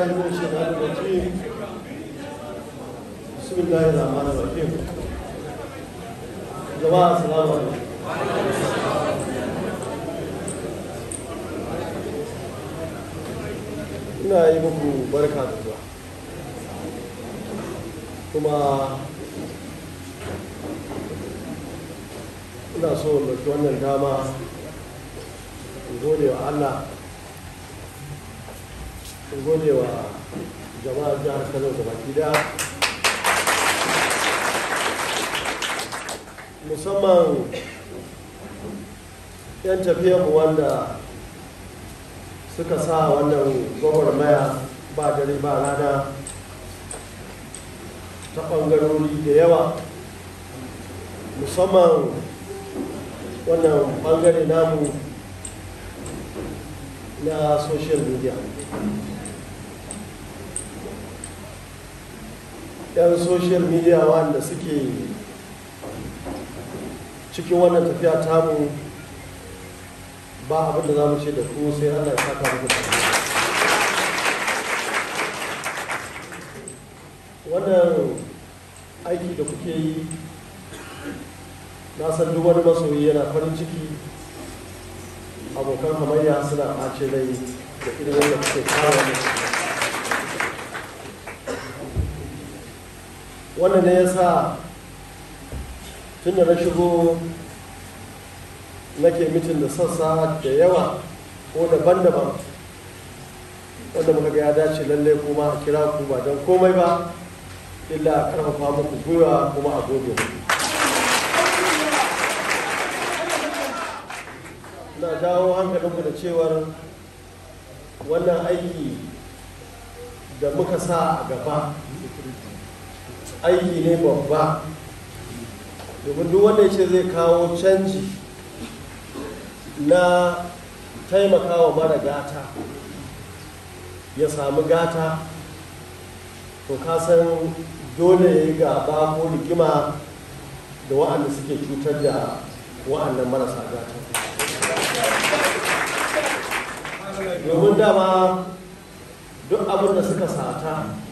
الله من الشيطان الرجيم yi muku barka da zuwa kuma ina so ɗauki wannan dama in gode wa Allah sun wa jama'ar jihar kano da baki da musamman yan tafiyarmu wanda suka sa wannan gwagwarmaya ba dare ba rana ta ɓangarori da yawa musamman wannan ɓangare namu na social media yan social media wanda suke cikin wannan tafiya tamu ba abin da za mu ce da ku sai allah ya saka muku wannan aiki da kuke yi na san duk wani masoyi yana farin ciki abokan hamayya suna ɓace rai da irin yadda suke kawo wannan ne ya sa tun da na shigo nake mitin da sassa da yawa ko daban-daban wanda muka ga ya dace lallai kuma a kira ku ba don komai ba illa a karfafa muku gwiwa kuma a gobe na dawo hankalinku da cewar wannan aiki da muka sa a gaba aiki ne babba domin duk wanda ce zai kawo canji na taimakawa mara gata ya samu gata ko kasan dole ya yi gaba ko rigima da wa'anda suke cutar da wa'annan marasa gata domin dama duk abin da suka sata